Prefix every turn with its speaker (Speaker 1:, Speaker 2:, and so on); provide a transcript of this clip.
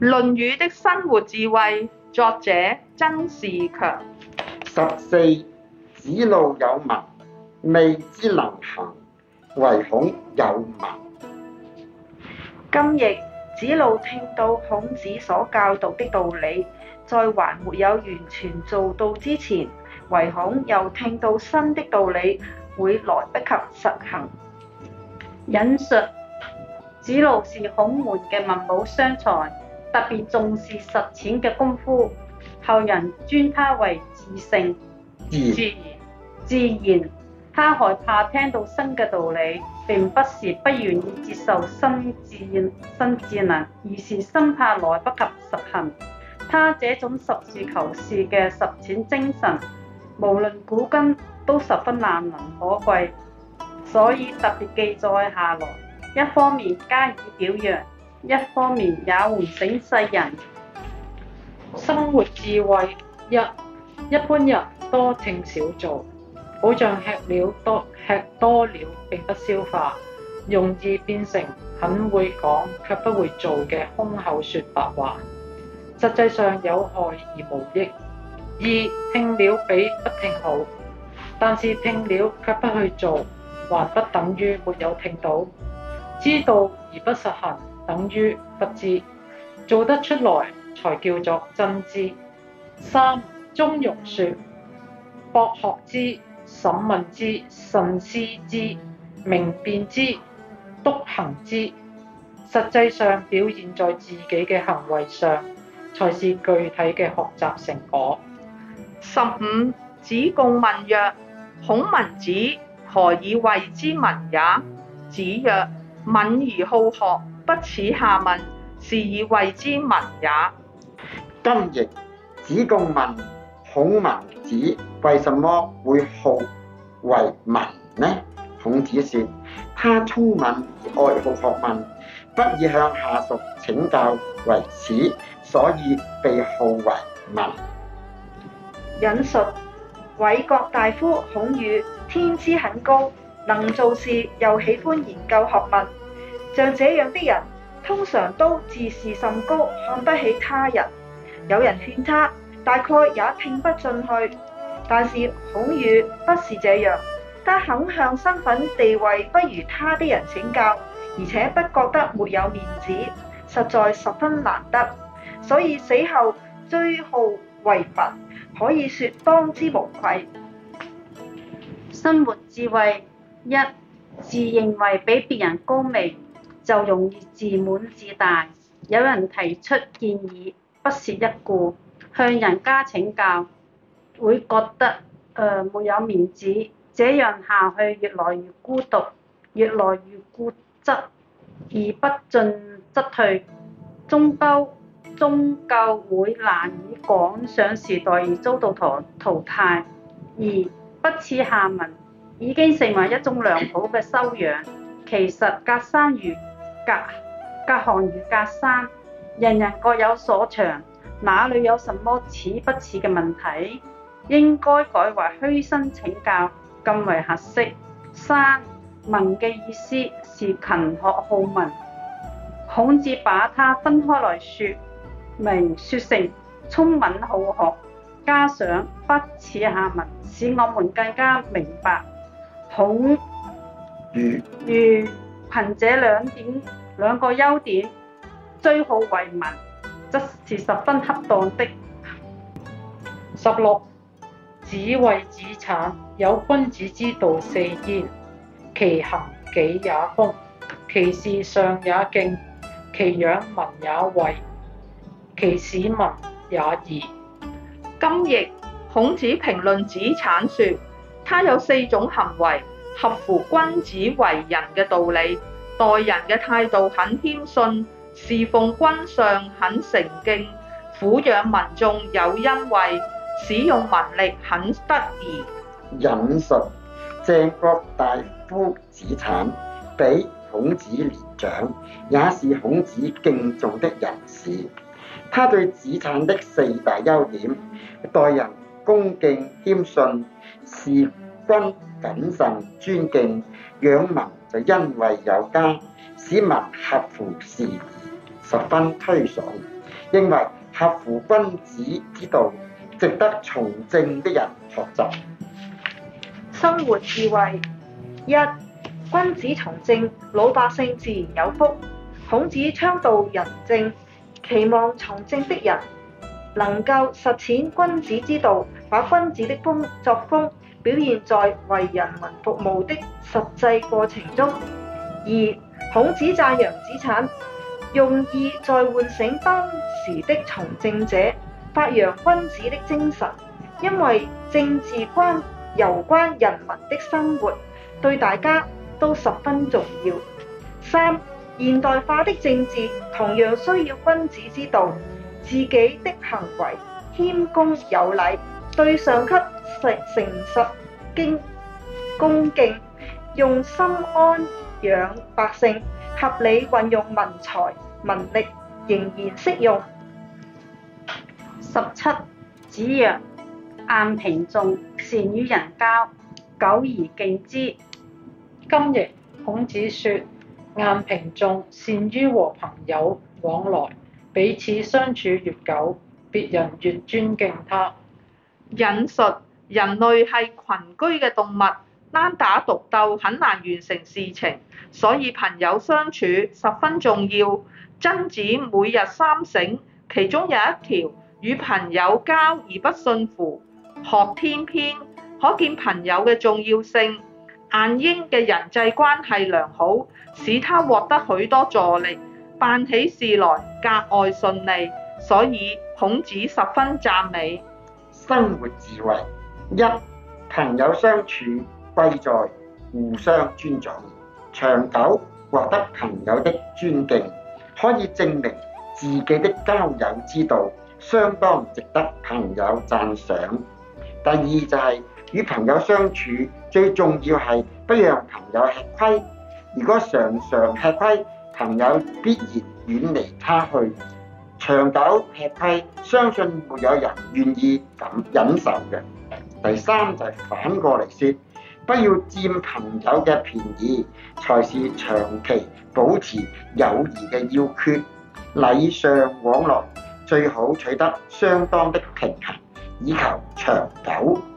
Speaker 1: 《論語》的生活智慧，作者曾仕強。
Speaker 2: 十四子路有聞，未之能行，唯恐有聞。
Speaker 3: 今日子路聽到孔子所教導的道理，在還沒有完全做到之前，唯恐又聽到新的道理會來不及實行。
Speaker 4: 引述：子路是孔門嘅文武雙才。特別重視實踐嘅功夫，後人尊他為至聖，自然。自然，他害怕聽到新嘅道理，並不是不願意接受新智新智能，而是心怕來不及實行。他這種實事求是嘅實踐精神，無論古今都十分難能可貴，所以特別記載下來，一方面加以表揚。一方面也喚
Speaker 5: 醒世人生活智慧。一、一般人多聽少做，好像吃了多吃多了並不消化，容易變成很會講却不會做嘅空口說白話，實際上有害而無益。二、聽了比不聽好，但是聽了却不去做，還不等於沒有聽到，知道而不實行，等於不知，做得出來才叫做真知。三、中庸說：博學之，審問之，慎思之，明辨之，篤行之。實際上表現在自己嘅行為上，才是具體嘅學習成果。十
Speaker 1: 五、子貢問曰：孔文子何以謂之文也？子曰：敏而好學。不恥下問，是以謂之文也。
Speaker 2: 今亦子貢問孔文子，為什麼會號為文呢？孔子說：他聰明而愛好學問，不以向下屬請教為恥，所以被號為文。
Speaker 3: 引述：衛國大夫孔宇，天資很高，能做事又喜歡研究學問。像這樣的人，通常都自視甚高，看不起他人。有人勸他，大概也聽不進去。但是孔圉不是這樣，他肯向身份地位不如他的人請教，而且不覺得沒有面子，實在十分難得。所以死後追號為文，可以說當之無愧。生活智慧一，自
Speaker 4: 認為比別人高明。就容易自滿自大。有人提出建議，不屑一顧，向人家請教，會覺得誒沒、呃、有面子。這樣下去，越來越孤獨，越來越固執，而不進則退，終究終究會難以趕上時代而遭到淘淘汰。而不恥下問，已經成為一種良好嘅修養。其實隔三月。隔行如隔山，人人各有所長，哪裏有什麼恥不恥嘅問題？應該改為虛心請教更為合適。三文嘅意思是勤學好問，孔子把它分開來說，明說成聰敏好學，加上不恥下問，使我們更加明白。孔、嗯、
Speaker 5: 如。
Speaker 4: 憑這兩點兩個優點，追號為民，
Speaker 5: 則是十分恰當的。十六，子謂子產，有君子之道四焉：其行己也恭，其事上也敬，其養民也惠，其使民也義。今譯，孔子
Speaker 1: 評論子產說，他有四種行為。合乎君子為人嘅道理，待人嘅態度很謙遜，侍奉君上很誠敬，撫養民眾有恩惠，使用民力
Speaker 2: 很得意。引述鄭國大夫子產，比孔子年長，也是孔子敬重的人士。他對子產的四大優點，待人恭敬謙遜，侍君。謹慎、尊敬、養民，就因為有家，使民合乎事宜，十分推崇，認為合乎君子之道，值得從政的人學習。
Speaker 3: 生活智慧一，君子從政，老百姓自然有福。孔子倡導仁政，期望從政的人能夠實踐君子之道，把君子的風作風。表現在為人民服務的實際過程中。二、孔子讚揚子產，用意在喚醒當時的從政者，發揚君子的精神，因為政治觀攸關人民的生活，對大家都十分重要。三、現代化的政治同樣需要君子之道，自己的行為謙恭有禮，對上級。誠誠實、恭敬、用心安養百姓，合理運用民財、民力，仍然適用。
Speaker 4: 十七子曰：晏平
Speaker 5: 仲善與人交，久而敬之。今日孔子說晏平仲善於和朋友往來，彼此相處越久，別人越尊敬他。引述。
Speaker 1: 人類係群居嘅動物，單打獨鬥很難完成事情，所以朋友相處十分重要。曾子每日三省，其中有一條與朋友交而不信乎？學而篇，可見朋友嘅重要性。晏嬰嘅人際關係良好，使他獲得許多助力，辦起事來格外順利，所以孔子十分讚美。
Speaker 2: 生活智慧。一，朋友相處貴在互相尊重，長久獲得朋友的尊敬，可以證明自己的交友之道相當值得朋友讚賞。第二就係、是、與朋友相處最重要係不讓朋友吃虧，如果常常吃虧，朋友必然遠離他去。長久吃虧，相信沒有人願意咁忍受嘅。第三就係反過嚟説，不要佔朋友嘅便宜，才是長期保持友誼嘅要決要訣。禮尚往來，最好取得相當的平衡，以求長久。